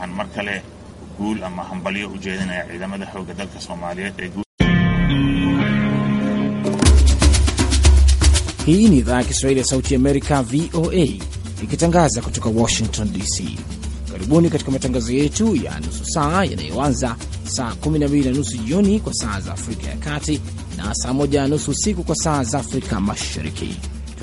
aan mar kale guul ama hambalyo u jeedinaya ciidamada xooga dalka Soomaaliyeed ee Hii ni idhaa ya Kiswahili ya Sauti Amerika, VOA, ikitangaza kutoka Washington DC. Karibuni katika matangazo yetu ya nusu saa yanayoanza saa 12 na nusu jioni kwa saa za Afrika ya Kati na saa 1 na nusu usiku kwa saa za Afrika Mashariki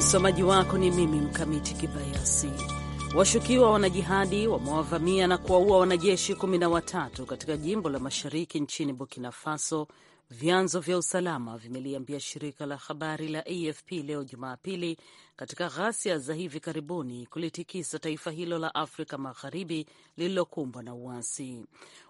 Msomaji wako ni mimi Mkamiti Kibayasi. Washukiwa wanajihadi wamewavamia na kuwaua wanajeshi kumi na watatu katika jimbo la mashariki nchini Burkina Faso Vyanzo vya usalama vimeliambia shirika la habari la AFP leo Jumapili katika ghasia za hivi karibuni kulitikisa taifa hilo la Afrika Magharibi lililokumbwa na uasi.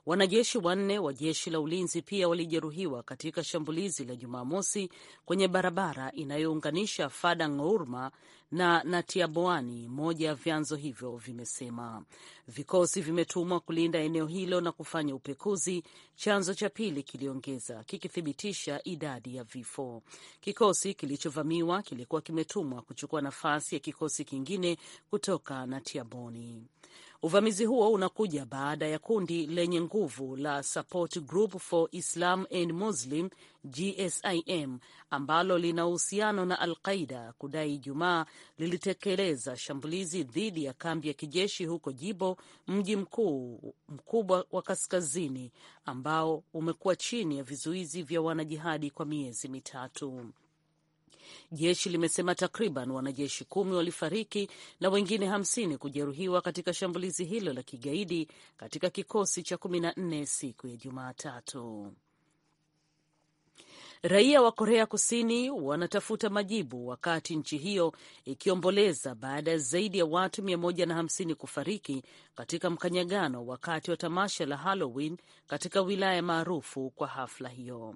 Wanajeshi wanne wa jeshi la ulinzi pia walijeruhiwa katika shambulizi la Jumamosi kwenye barabara inayounganisha Fada Ngourma na Natiaboani, moja ya vyanzo hivyo vimesema. Vikosi vimetumwa kulinda eneo hilo na kufanya upekuzi, chanzo cha pili kiliongeza, kikithibitisha idadi ya vifo. Kikosi kilichovamiwa kilikuwa kimetumwa kuchukua nafasi ya kikosi kingine kutoka Natiaboni. Uvamizi huo unakuja baada ya kundi lenye nguvu la Support Group for Islam and Muslim GSIM ambalo lina uhusiano na Al Qaida kudai Ijumaa lilitekeleza shambulizi dhidi ya kambi ya kijeshi huko Jibo, mji mkuu mkubwa wa kaskazini ambao umekuwa chini ya vizuizi vya wanajihadi kwa miezi mitatu. Jeshi limesema takriban wanajeshi kumi walifariki na wengine hamsini kujeruhiwa katika shambulizi hilo la kigaidi katika kikosi cha kumi na nne siku ya Jumatatu. Raia wa Korea Kusini wanatafuta majibu wakati nchi hiyo ikiomboleza baada ya zaidi ya watu 150 kufariki katika mkanyagano wakati wa tamasha la Halloween katika wilaya maarufu kwa hafla hiyo.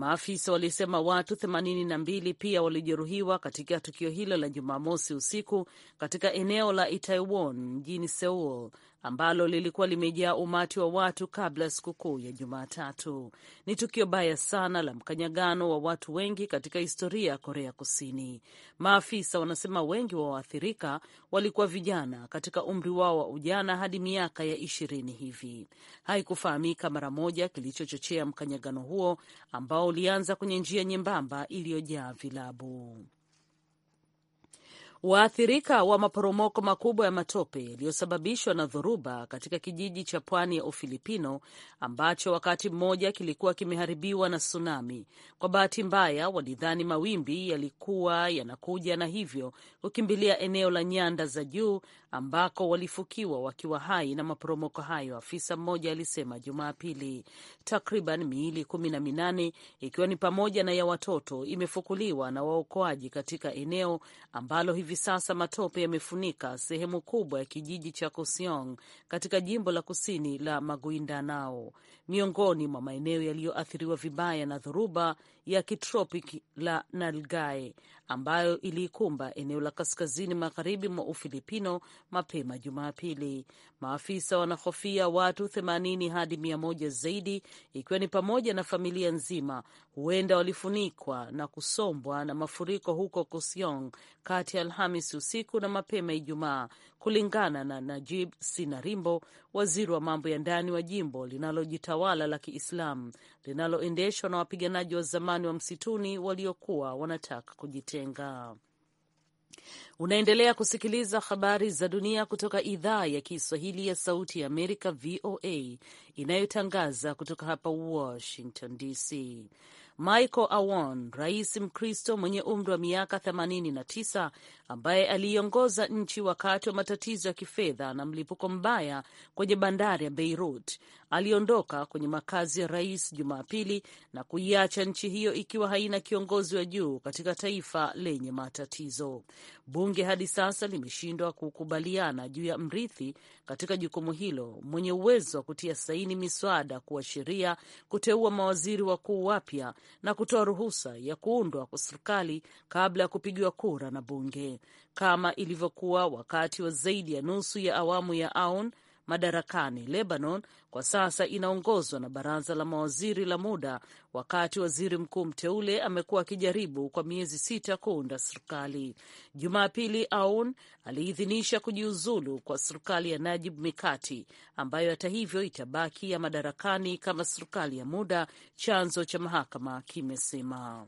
Maafisa walisema watu 82 pia walijeruhiwa katika tukio hilo la Jumamosi usiku katika eneo la Itaewon mjini Seoul ambalo lilikuwa limejaa umati wa watu kabla ya sikukuu ya Jumatatu. Ni tukio baya sana la mkanyagano wa watu wengi katika historia ya Korea Kusini. Maafisa wanasema wengi wa waathirika walikuwa vijana katika umri wao wa ujana hadi miaka ya ishirini hivi. Haikufahamika mara moja kilichochochea mkanyagano huo ambao ulianza kwenye njia nyembamba iliyojaa vilabu. Waathirika wa maporomoko makubwa ya matope yaliyosababishwa na dhoruba katika kijiji cha pwani ya Ufilipino ambacho wakati mmoja kilikuwa kimeharibiwa na tsunami. Kwa bahati mbaya, walidhani mawimbi yalikuwa yanakuja na hivyo kukimbilia eneo la nyanda za juu ambako walifukiwa wakiwa hai na maporomoko hayo, afisa mmoja alisema Jumapili. Takriban miili kumi na minane ikiwa ni pamoja na ya watoto imefukuliwa na waokoaji katika eneo ambalo hivi hivi sasa matope yamefunika sehemu kubwa ya kijiji cha Kosiong katika jimbo la kusini la Maguindanao, miongoni mwa maeneo yaliyoathiriwa vibaya na dhoruba ya kitropiki la Nalgae ambayo iliikumba eneo la kaskazini magharibi mwa Ufilipino mapema Jumapili. Maafisa wanahofia watu 80 hadi 100 zaidi, ikiwa ni pamoja na familia nzima, huenda walifunikwa na kusombwa na mafuriko huko Kusiong kati ya Alhamis usiku na mapema Ijumaa, kulingana na Najib Sinarimbo, waziri wa mambo ya ndani wa jimbo linalojitawala la Kiislamu linaloendeshwa na wapiganaji wa zamani wa msituni waliokuwa wanataka kujitea. Njenga. Unaendelea kusikiliza habari za dunia kutoka idhaa ya Kiswahili ya Sauti ya Amerika, VOA, inayotangaza kutoka hapa Washington DC. Michael Awon, rais Mkristo mwenye umri wa miaka 89 ambaye aliiongoza nchi wakati wa matatizo ya kifedha na mlipuko mbaya kwenye bandari ya Beirut, aliondoka kwenye makazi ya rais Jumapili na kuiacha nchi hiyo ikiwa haina kiongozi wa juu katika taifa lenye matatizo. Bunge hadi sasa limeshindwa kukubaliana juu ya mrithi katika jukumu hilo mwenye uwezo wa kutia saini miswada kuwa sheria, kuteua mawaziri wakuu wapya na kutoa ruhusa ya kuundwa kwa serikali kabla ya kupigiwa kura na bunge, kama ilivyokuwa wakati wa zaidi ya nusu ya awamu ya Aoun madarakani Lebanon kwa sasa inaongozwa na baraza la mawaziri la muda, wakati waziri mkuu mteule amekuwa akijaribu kwa miezi sita kuunda serikali. Jumapili, Aoun aliidhinisha kujiuzulu kwa serikali ya Najib Mikati ambayo hata hivyo itabaki ya madarakani kama serikali ya muda, chanzo cha mahakama kimesema.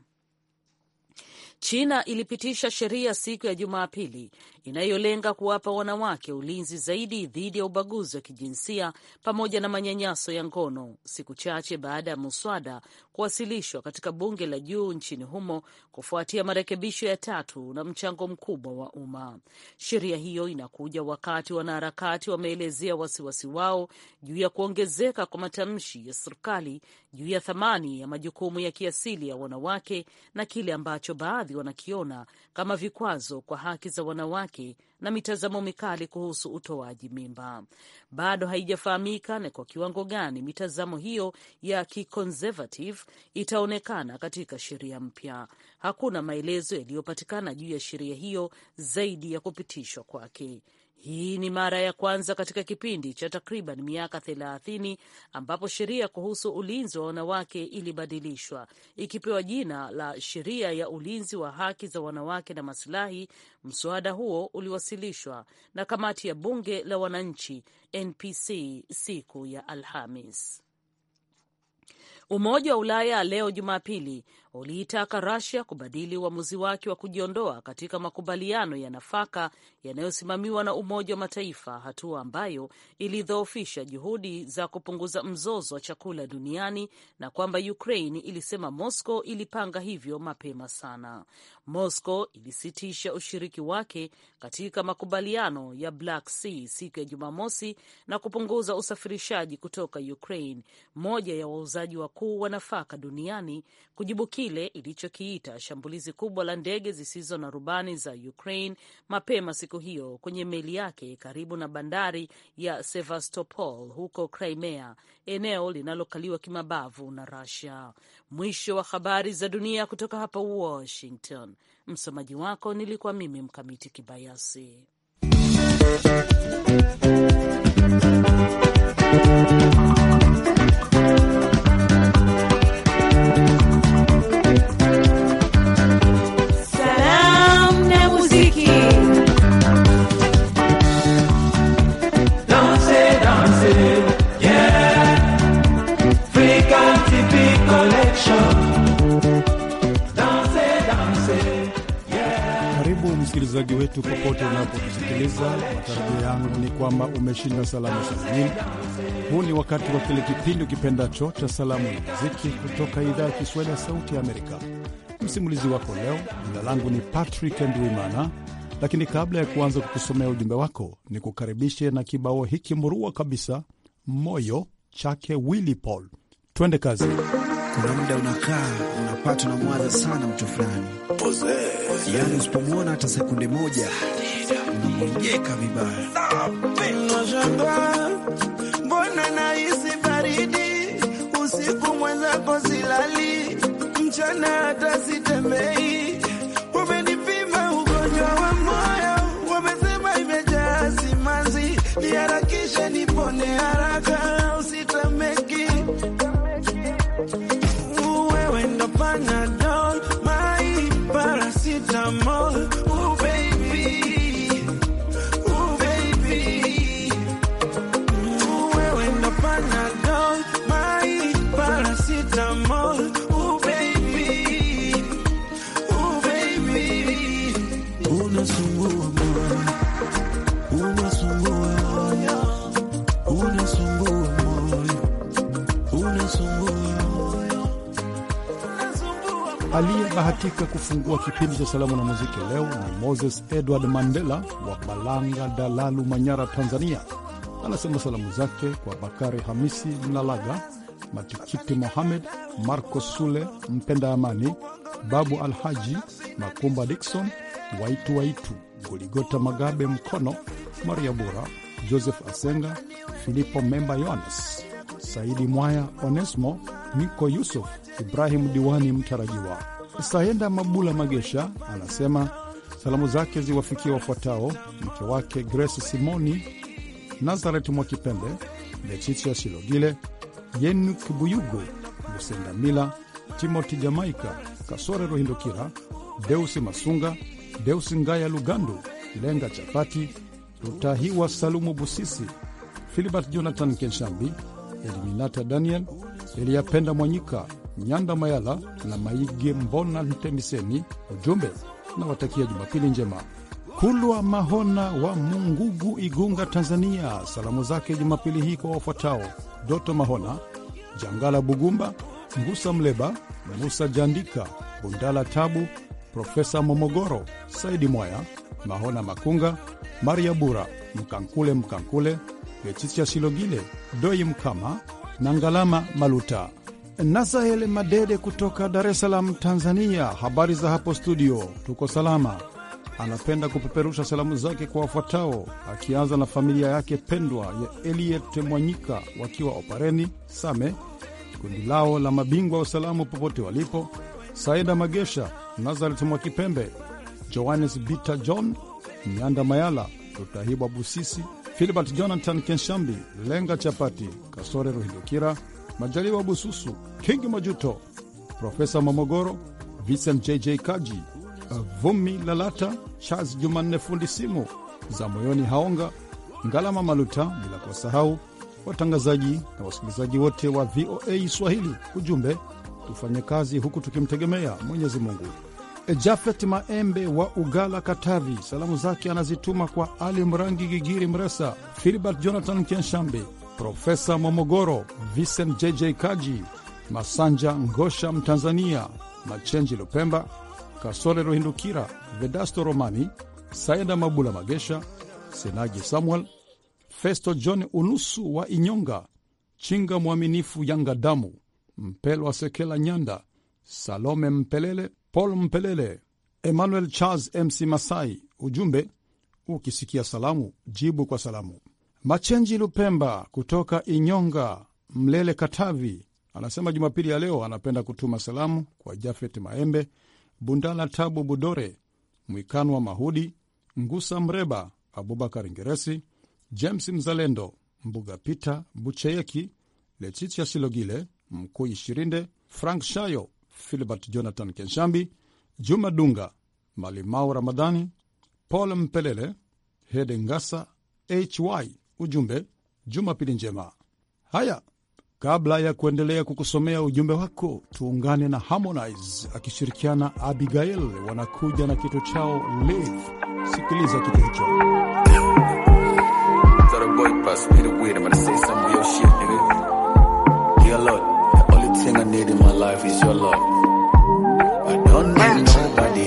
China ilipitisha sheria siku ya Jumapili inayolenga kuwapa wanawake ulinzi zaidi dhidi ya ubaguzi wa kijinsia pamoja na manyanyaso ya ngono, siku chache baada ya muswada kuwasilishwa katika bunge la juu nchini humo kufuatia marekebisho ya tatu na mchango mkubwa wa umma. Sheria hiyo inakuja wakati wanaharakati wameelezea wasiwasi wao juu ya kuongezeka kwa matamshi ya serikali juu ya thamani ya majukumu ya kiasili ya wanawake na kile ambacho baadhi wanakiona kama vikwazo kwa haki za wanawake haki na mitazamo mikali kuhusu utoaji mimba. Bado haijafahamika ni kwa kiwango gani mitazamo hiyo ya kiconservative itaonekana katika sheria mpya. Hakuna maelezo yaliyopatikana juu ya sheria hiyo zaidi ya kupitishwa kwake. Hii ni mara ya kwanza katika kipindi cha takriban miaka thelathini ambapo sheria kuhusu ulinzi wa wanawake ilibadilishwa ikipewa jina la Sheria ya Ulinzi wa Haki za Wanawake na Masilahi. Mswada huo uliwasilishwa na kamati ya bunge la wananchi NPC siku ya Alhamis. Umoja wa Ulaya leo Jumapili uliitaka Russia kubadili uamuzi wa wake wa kujiondoa katika makubaliano ya nafaka yanayosimamiwa na Umoja wa Mataifa, hatua ambayo ilidhoofisha juhudi za kupunguza mzozo wa chakula duniani na kwamba Ukraine ilisema Moscow ilipanga hivyo mapema sana. Moscow ilisitisha ushiriki wake katika makubaliano ya Black Sea siku ya Jumamosi na kupunguza usafirishaji kutoka Ukraine, moja ya wauzaji wakuu wa nafaka duniani, kujibuki kile ilichokiita shambulizi kubwa la ndege zisizo na rubani za Ukraine mapema siku hiyo kwenye meli yake karibu na bandari ya Sevastopol huko Crimea, eneo linalokaliwa kimabavu na Russia. Mwisho wa habari za dunia kutoka hapa Washington. Msomaji wako nilikuwa mimi Mkamiti Kibayasi. msikilizaji wetu popote unapotusikiliza, matarajio yangu ni kwamba umeshinda salamu salamini. Huu ni wakati wa kile kipindi ukipendacho cha salamu na muziki kutoka idhaa ya Kiswahili ya Sauti ya Amerika. Msimulizi wako leo, jina langu ni Patrick Ndwimana, lakini kabla ya kuanza kukusomea ujumbe wako, ni kukaribishe na kibao hiki murua kabisa, moyo chake Willy Paul. Twende kazi. Kuna muda unakaa unapatwa na mwaza sana mtu fulani yani usipomwona hata sekunde moja mjeka vibaya. mbona nahisi baridi usiku, mwenzako silali, mchana hata sitembei. Wamenipima ugonjwa wa moyo, wamesema imejaa simanzi, niharakishe nipone haraka, usitameki Aliyebahatika kufungua kipindi cha salamu na muziki leo ni Moses Edward Mandela wa Balanga, Dalalu, Manyara, Tanzania. Anasema salamu zake kwa Bakari Hamisi Mlalaga, Matikiti Mohamed, Marco Sule, Mpenda Amani, Babu Alhaji Makumba Dikson, Waitu Waitu, Goligota Magabe Mkono, Maria Bura, Joseph Asenga, Filipo Memba, Yohanes Saidi Mwaya, Onesmo Miko, Yusuf Ibrahimu Diwani mtarajiwa. saenda Mabula Magesha anasema salamu zake ziwafikie wafuatao: mke wake Grace Simoni, Nazaret Mwakipembe, Lechicha Shilogile, Yenuk Buyugu, Lusenda Mila, Timoti Jamaika, Kasore Rohindukira, Deusi Masunga, Deusi Ngaya Lugandu, Lenga Chapati, Rutahiwa Salumu Busisi, Filibert Jonathan Kenshambi, Eliminata Daniel, Eliyapenda Mwanyika, Nyanda Mayala na Maige Mbona Ntemiseni. Ujumbe na watakia Jumapili njema. Kulwa Mahona wa Mungugu, Igunga, Tanzania, salamu zake Jumapili hii kwa wafuatao: Doto Mahona, Jangala Bugumba, Ngusa Mleba, Musa Jandika, Bundala Tabu, Profesa Momogoro, Saidi Mwaya, Mahona Makunga, Maria Bura, Mkankule Mkankule, Letisia shilogile Doi Mkama na Ngalama Maluta. Nazahel Madede kutoka Dar es Salaam, Tanzania. Habari za hapo studio, tuko salama. Anapenda kupeperusha salamu zake kwa wafuatao, akianza na familia yake pendwa ya Eliet Mwanyika wakiwa Opareni Same, kundi lao la mabingwa wa usalamu popote walipo, Saida Magesha Nazaret mwa Kipembe, Johannes Bita, John Nyanda Mayala, Rutahibwa Busisi, Filibert Jonathan Kenshambi, Lenga Chapati, Kasore Ruhindukira, Majaliwa Bususu, Kingi Majuto, Profesa Mamogoro, Vincent JJ Kaji, Vumi Lalata, Charles Jumanne fundi simu za moyoni, Haonga Ngalama Maluta, bila kusahau watangazaji na wasikilizaji wote wa VOA Swahili. Ujumbe tufanye kazi huku tukimtegemea Mwenyezi Mungu. E, Jafet Maembe wa Ugala, Katavi, salamu zake anazituma kwa Ali Mrangi, Gigiri Mresa, Filibert Jonathan Kenshambe, Profesa Momogoro, Vincent JJ Kaji, Masanja Ngosha Mtanzania, Machenji Lupemba, Kasole Ruhindukira, Vedasto Romani, Saida Mabula Magesha, Senaji Samuel, Festo John Unusu wa Inyonga, Chinga Mwaminifu Yanga Damu, Mpelwa Sekela Nyanda, Salome Mpelele, Paul Mpelele, Emmanuel Charles Mc Masai. Ujumbe, ukisikia salamu jibu kwa salamu. Machenji Lupemba kutoka Inyonga, Mlele, Katavi, anasema Jumapili ya leo anapenda kutuma salamu kwa Jafet Maembe, Bundala Tabu Budore, Mwikanwa Mahudi, Ngusa Mreba, Abubakar Ngeresi, James Mzalendo, Mbuga Pita Bucheyeki, Letitia Silogile, Mkuu Shirinde, Frank Shayo, filibert Jonathan Kenshambi, Juma Dunga, Malimau Ramadhani, Paul Mpelele, Hede Ngasa, HY. Ujumbe Jumapili njema. Haya, kabla ya kuendelea kukusomea ujumbe wako, tuungane na Harmonize akishirikiana Abigail, wanakuja na kitu chao Live. Sikiliza kitu hicho. thing I need in my life is your love. I don't need nobody.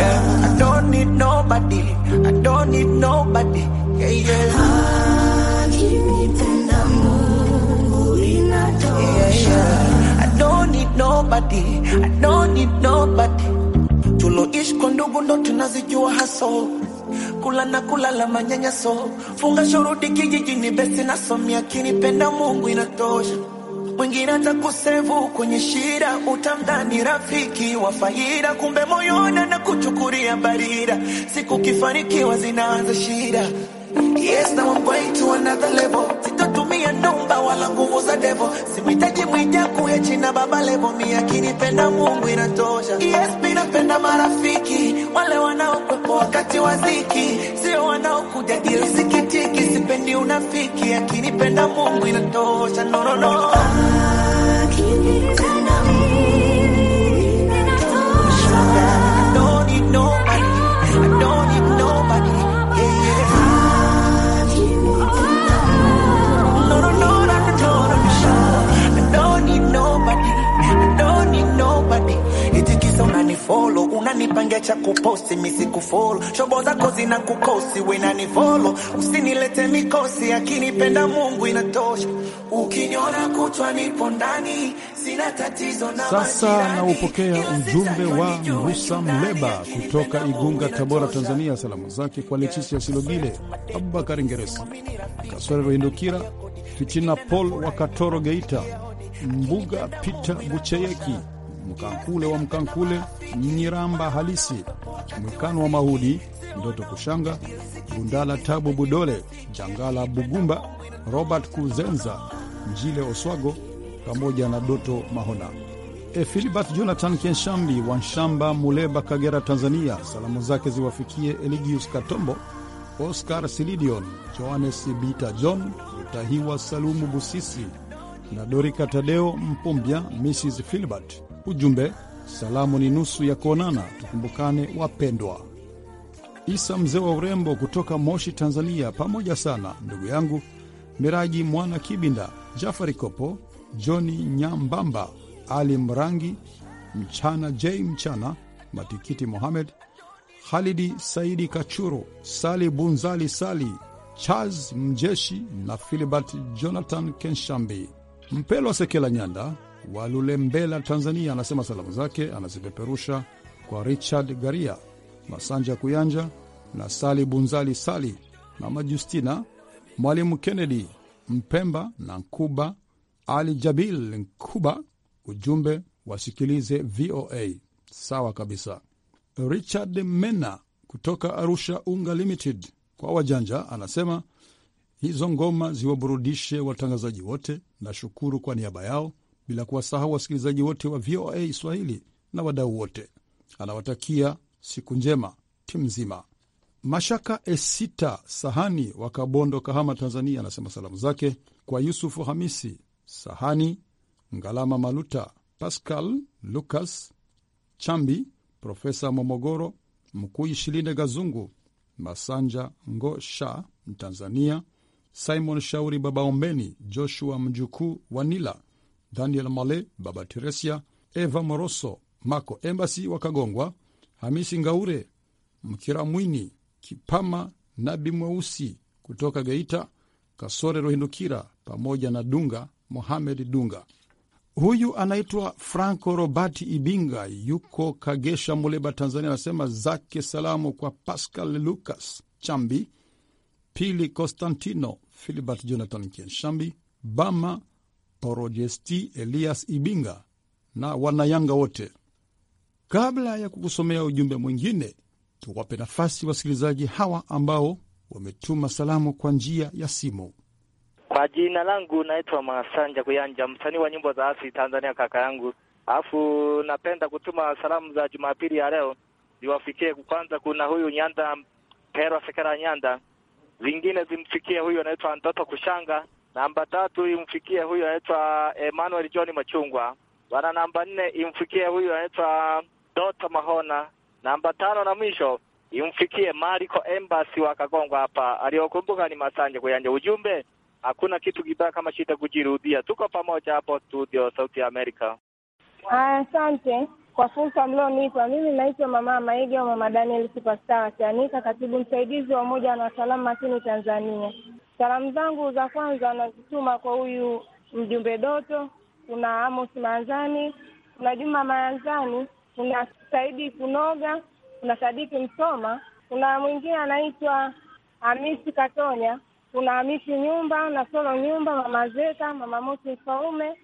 Yeah, I don't need nobody. I don't need nobody. Yeah, yeah. I don't need nobody. I don't need nobody. Tuloishi kwa ndugu ndo tunazijua hustle kula na kulala manyanyaso, funga shurudi kijijini, besi kini penda Mungu inatosha. Mwingine atakusevu kwenye shida, utamdhani rafiki wa faida, kumbe moyona na kuchukuria barida. Siku kifanikiwa zinaanza shida. Yes, now I'm going to another level baba lebo mi akinipenda Mungu inatosha. ESP napenda marafiki wale wanaokwepo wakati wa dhiki, sio wanaokujadili sikitiki. Sipendi unafiki, akinipenda Mungu inatosha. No, no, no. Akinipenda Mungu inatosha. No, no, no. follow, unanipangia cha kuposti misi shobo zako zina kukosi, we nani usinilete mikosi, akinipenda Mungu inatosha, ukiniona kutwa nipo ndani, sina tatizo na sasa. Naupokea ujumbe wa Mgusa Mleba kutoka Igunga, Tabora, Tanzania. Salamu zake kwa Lechicia Silogile, abubakar Ngeresi, Kasore Ruhindukira, Fitina Paul wa Katoro, Geita, Mbuga Peter Bucheyeki Mkankule wa Mkankule, Mnyiramba halisi, Mwikano wa Mahudi, Ndoto Kushanga, Bundala Tabu Budole, Jangala Bugumba, Robert Kuzenza, Njile Oswago pamoja na Doto Mahona. E, Filibert Jonathan Kenshambi wa Nshamba, Muleba, Kagera, Tanzania, salamu zake ziwafikie Eligius Katombo, Oscar Silidion, Johannes Bita, John Utahiwa, Salumu Busisi na Dorika Tadeo Mpumbya, Mrs Filibert Ujumbe, salamu ni nusu ya kuonana, tukumbukane wapendwa. Isa mzee wa urembo kutoka Moshi, Tanzania, pamoja sana ndugu yangu Miraji Mwana Kibinda, Jafari Kopo, Joni Nyambamba, Ali Mrangi, Mchana J Mchana, Matikiti Mohamed, Halidi Saidi Kachuru, Sali Bunzali, Sali Charles Mjeshi na Filibert Jonathan Kenshambi, Mpelwa Sekela Nyanda Walulembela, Tanzania, anasema salamu zake anazipeperusha kwa Richard Garia, Masanja Kuyanja na Sali Bunzali Sali, Mama Justina, Mwalimu Kennedy Mpemba na Nkuba Ali Jabil Nkuba. Ujumbe, wasikilize VOA. Sawa kabisa. Richard Mena kutoka Arusha Unga Limited kwa wajanja anasema hizo ngoma ziwaburudishe watangazaji wote, nashukuru kwa niaba yao bila kuwasahau wasikilizaji wote wa VOA Swahili na wadau wote. Anawatakia siku njema timu nzima. Mashaka Esita Sahani wa Kabondo, Kahama, Tanzania, anasema salamu zake kwa Yusufu Hamisi Sahani, Ngalama Maluta, Pascal Lucas Chambi, Profesa Momogoro Mkuu, Shilinde Gazungu, Masanja Ngosha Tanzania, Simon Shauri, Baba Ombeni, Joshua mjukuu Wanila, Daniel Male, Baba Teresia, Eva Moroso, Mako Embassy wakagongwa, Hamisi Ngaure, Mkiramwini Kipama, Nabi Mweusi kutoka Geita, Kasore Ruhindukira pamoja na Dunga Mohamed Dunga. Huyu anaitwa Franco Robati Ibinga, yuko Kagesha, Muleba, Tanzania. Anasema zake salamu kwa Pascal Lucas Chambi, Pili Constantino, Filibert Jonathan Kenshambi, Bama Porojesti Elias Ibinga na wanayanga wote. Kabla ya kukusomea ujumbe mwingine, tuwape nafasi wasikilizaji hawa ambao wametuma salamu kwa njia ya simu. Kwa jina langu naitwa Masanja Kuyanja, msanii wa nyimbo za asili Tanzania, kaka yangu. Alafu napenda kutuma salamu za Jumapili ya leo ziwafikie. Kwanza kuna huyu Nyanda Pero Sekera Nyanda, zingine zimfikie huyu anaitwa Ndoto Kushanga Namba tatu imfikie huyu anaitwa Emmanuel John Machungwa. Bwana namba nne imfikie huyu anaitwa Dota Mahona. Namba tano na mwisho imfikie Mariko Embassy wa Kagongwa hapa. Aliyokumbuka ni Masanje Kuyanja. Ujumbe hakuna kitu kibaya kama shida kujirudia. Tuko pamoja hapo studio Sauti ya Amerika. Asante kwa fursa mlionipa. Mimi naitwa Mama Maige au Mama Daniel Superstar Wakianika, katibu msaidizi wa Umoja wa Wataalamu Makini Tanzania. Salamu zangu za kwanza nazituma kwa huyu mjumbe Doto, kuna Amos Manzani, kuna Juma Manzani, kuna Saidi Kunoga, kuna Sadiki Msoma, kuna mwingine anaitwa Hamisi Katonya, kuna Hamisi Nyumba na Solo Nyumba, mama Zeka, mama Moti Mfaume,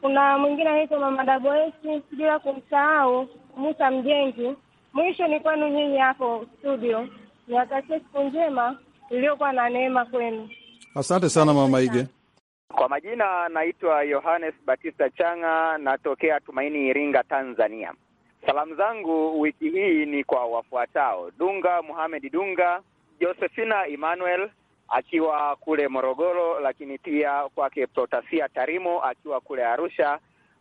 kuna mwingine anaitwa mama Daboesi, bila kumsahau Musa Mjengi. Mwisho ni kwenu nyinyi hapo studio, niwatakie siku njema iliyokuwa na neema kwenu. Asante sana Mama Ige. Kwa majina naitwa Yohanes Batista Changa, natokea Tumaini, Iringa, Tanzania. Salamu zangu wiki hii ni kwa wafuatao: Dunga muhamedi Dunga, Josephina Emmanuel akiwa kule Morogoro, lakini pia kwake Protasia Tarimo akiwa kule Arusha,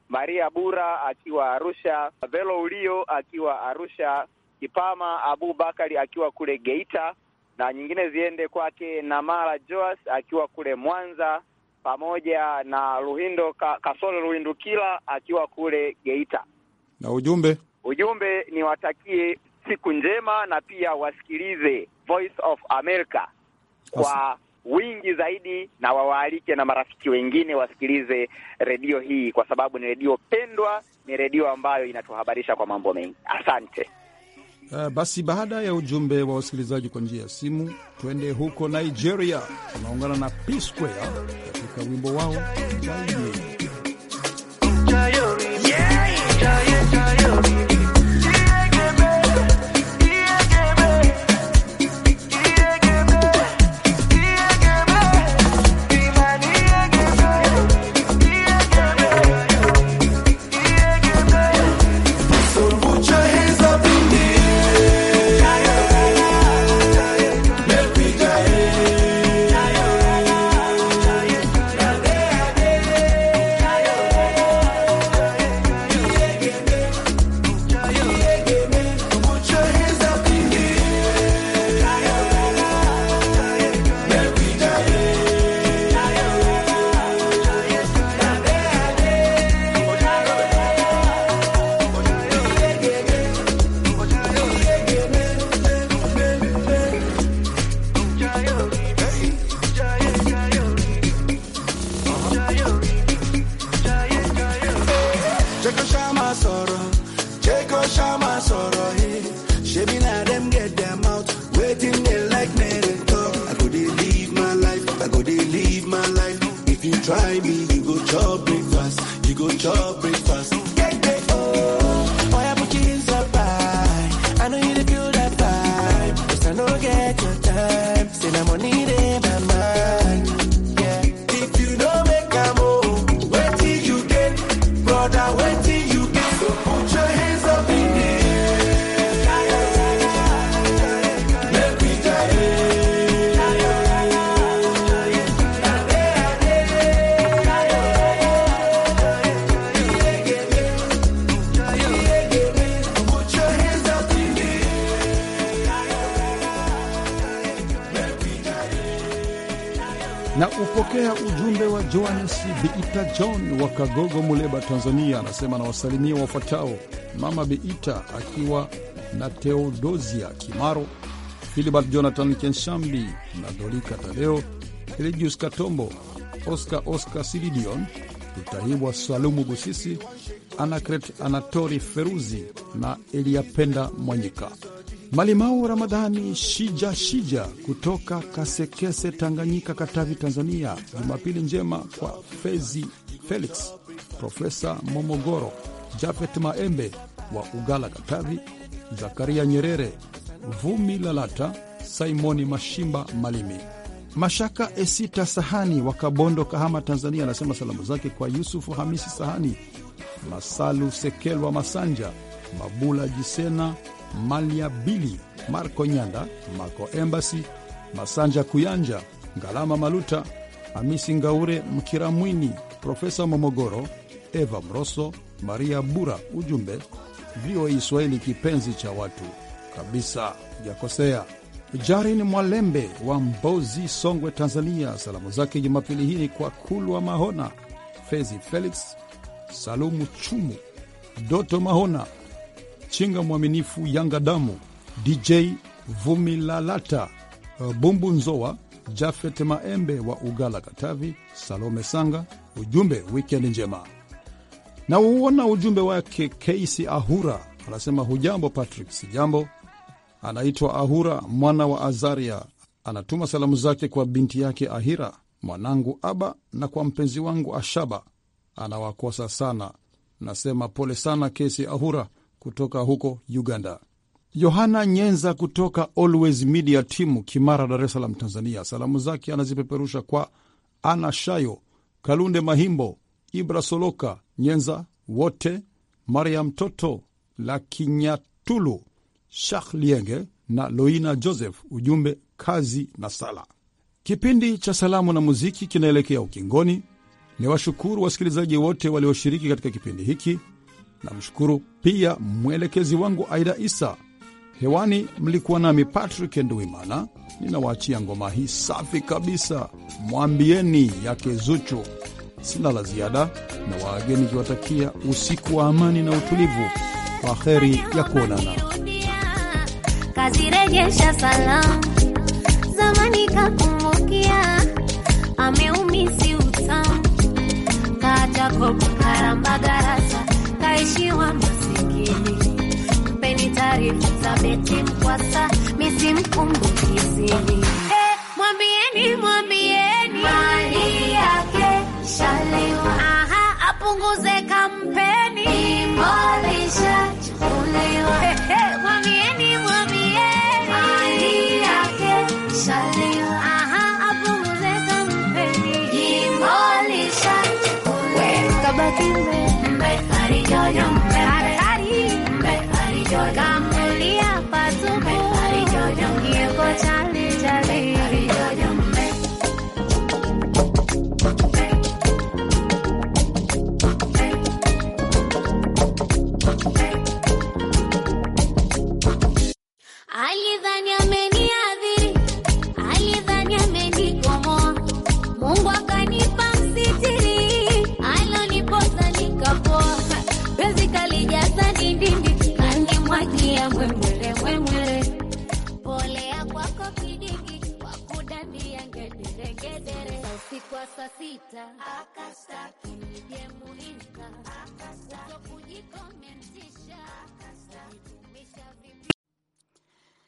Maria Bura akiwa Arusha, Velo Ulio akiwa Arusha, Kipama Abu Bakari akiwa kule Geita, na nyingine ziende kwake Namara Joas akiwa kule Mwanza, pamoja na Ruhindo Kasole kila akiwa kule Geita. Na ujumbe ujumbe ni watakie siku njema, na pia wasikilize Voice of America kwa wingi zaidi, na wawaalike na marafiki wengine wasikilize redio hii, kwa sababu ni redio pendwa, ni redio ambayo inatuhabarisha kwa mambo mengi. Asante. Uh, basi baada ya ujumbe wa wasikilizaji kwa njia ya simu, twende huko Nigeria, tunaungana na P Square katika wimbo wao Baye. John wa Kagogo, Muleba, Tanzania, anasema anawasalimia wafuatao: Mama Beita akiwa na Teodosia Kimaro, Filibert Jonathan Kenshambi na Dolika Tadeo, Eligius Katombo, Oscar Oscar Silidion, Lutahibwa Salumu Busisi, Anakret Anatori Feruzi na Eliapenda Mwanyika. Malimau Ramadhani Shija Shija kutoka Kasekese, Tanganyika, Katavi, Tanzania. Jumapili njema kwa Fezi Felix, Profesa Momogoro, Jafet Maembe wa Ugala, Katavi, Zakaria Nyerere, Vumi Lalata, Simoni Mashimba Malimi, Mashaka Esita Sahani wa Kabondo, Kahama, Tanzania, anasema salamu zake kwa Yusufu Hamisi Sahani, Masalu Sekelwa Masanja, Mabula Jisena Malia Bili, Marko Nyanda, Mako Embasi, Masanja Kuyanja, Ngalama Maluta, Hamisi Ngaure, Mkiramwini, Profesa Momogoro, Eva Mroso, Maria Bura. Ujumbe VOA e Swahili, kipenzi cha watu kabisa, jakosea. Jarin Mwalembe wa Mbozi, Songwe, Tanzania, salamu zake Jumapili hii ni kwa Kulwa Mahona, Fezi Felix, Salumu Chumu, Doto Mahona, Chinga Mwaminifu, Yanga Damu, DJ Vumilalata, uh, Bumbu Nzoa, Jafet Maembe wa Ugala Katavi, Salome Sanga. Ujumbe wikendi njema. Na uona ujumbe wake Keisi Ahura anasema hujambo Patrick. Sijambo. Anaitwa Ahura mwana wa Azaria, anatuma salamu zake kwa binti yake Ahira, mwanangu Aba na kwa mpenzi wangu Ashaba. Anawakosa sana, nasema pole sana Kesi Ahura kutoka huko Uganda. Yohana Nyenza kutoka Always Media timu Kimara, Dar es Salaam, Tanzania, salamu zake anazipeperusha kwa Ana Shayo, Kalunde Mahimbo, Ibra Soloka Nyenza wote, Mariam Toto la Kinyatulu, Shakh Lienge na Loina Joseph. Ujumbe kazi na sala. Kipindi cha salamu na muziki kinaelekea ukingoni. Ni washukuru wasikilizaji wote walioshiriki katika kipindi hiki Namshukuru pia mwelekezi wangu Aida Isa. Hewani mlikuwa nami Patrick Nduimana, ninawaachia ngoma hii safi kabisa, mwambieni yake Zuchu. Sina la ziada na waageni, kiwatakia usiku wa amani na utulivu. Kwa heri ya kuonana. Kazirejesha salamu zamani, kakumbukia ameumisi utamu, nikaishiwa masikini. Mpeni taarifa za beti Mkwasa, kizini. Hey, mwambieni mwambieni mali yake aha, apunguze kampeni, imolisha Hey, hey, mwambieni mwambieni mali yake arijoyo mbeharari mbe arijoyo kamulia pasuku hiyo kochale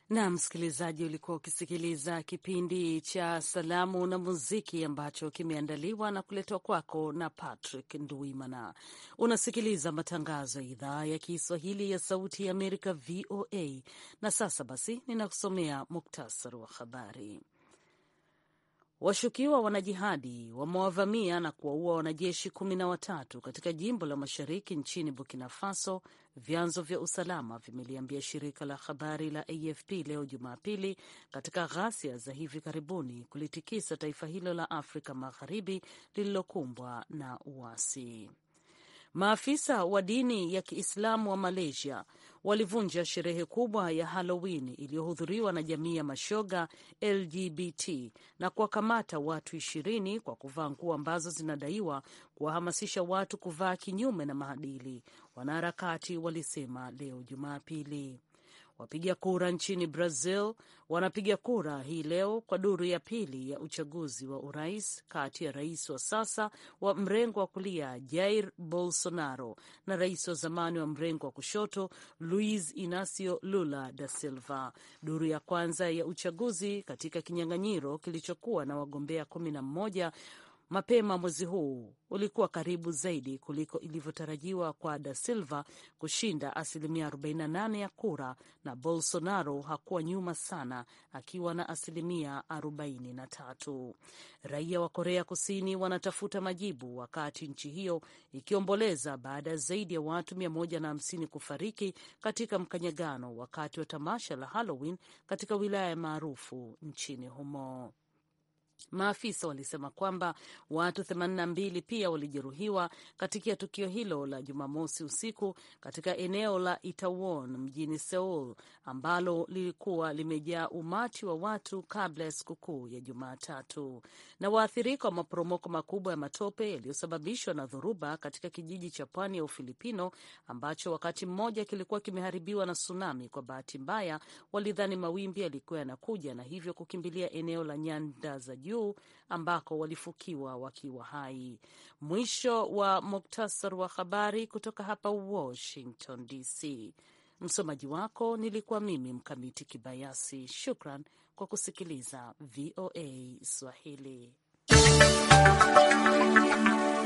na msikilizaji, ulikuwa ukisikiliza kipindi cha Salamu na Muziki ambacho kimeandaliwa na kuletwa kwako na Patrick Nduimana. Unasikiliza matangazo ya idhaa ya Kiswahili ya Sauti ya Amerika, VOA. Na sasa basi, ninakusomea muktasari wa habari. Washukiwa wanajihadi wamewavamia na kuwaua wanajeshi kumi na watatu katika jimbo la mashariki nchini Burkina Faso, vyanzo vya usalama vimeliambia shirika la habari la AFP leo Jumapili, katika ghasia za hivi karibuni kulitikisa taifa hilo la Afrika Magharibi lililokumbwa na uasi. Maafisa wa dini ya Kiislamu wa Malaysia walivunja sherehe kubwa ya Halloween iliyohudhuriwa na jamii ya mashoga LGBT na kuwakamata watu ishirini kwa kuvaa nguo ambazo zinadaiwa kuwahamasisha watu kuvaa kinyume na maadili, wanaharakati walisema leo Jumapili. Wapiga kura nchini Brazil wanapiga kura hii leo kwa duru ya pili ya uchaguzi wa urais kati ya rais wa sasa wa mrengo wa kulia Jair Bolsonaro na rais wa zamani wa mrengo wa kushoto Luiz Inacio Lula da Silva. Duru ya kwanza ya uchaguzi katika kinyang'anyiro kilichokuwa na wagombea kumi na mmoja mapema mwezi huu ulikuwa karibu zaidi kuliko ilivyotarajiwa kwa Da Silva kushinda asilimia 48 ya kura na Bolsonaro hakuwa nyuma sana akiwa na asilimia 43. Raia wa Korea Kusini wanatafuta majibu wakati nchi hiyo ikiomboleza baada ya zaidi ya watu 150 kufariki katika mkanyagano wakati wa tamasha la Halloween katika wilaya maarufu nchini humo. Maafisa walisema kwamba watu 82 pia walijeruhiwa katika tukio hilo la Jumamosi usiku katika eneo la Itaewon mjini Seoul ambalo lilikuwa limejaa umati wa watu kabla ya sikukuu ya Jumatatu. Na waathirika wa maporomoko makubwa ya matope yaliyosababishwa na dhoruba katika kijiji cha pwani ya Ufilipino ambacho wakati mmoja kilikuwa kimeharibiwa na tsunami, kwa bahati mbaya walidhani mawimbi yalikuwa yanakuja na hivyo kukimbilia eneo la nyanda za juu juu ambako walifukiwa wakiwa hai. Mwisho wa muktasar wa habari kutoka hapa Washington DC. Msomaji wako nilikuwa mimi Mkamiti Kibayasi. Shukran kwa kusikiliza VOA Swahili.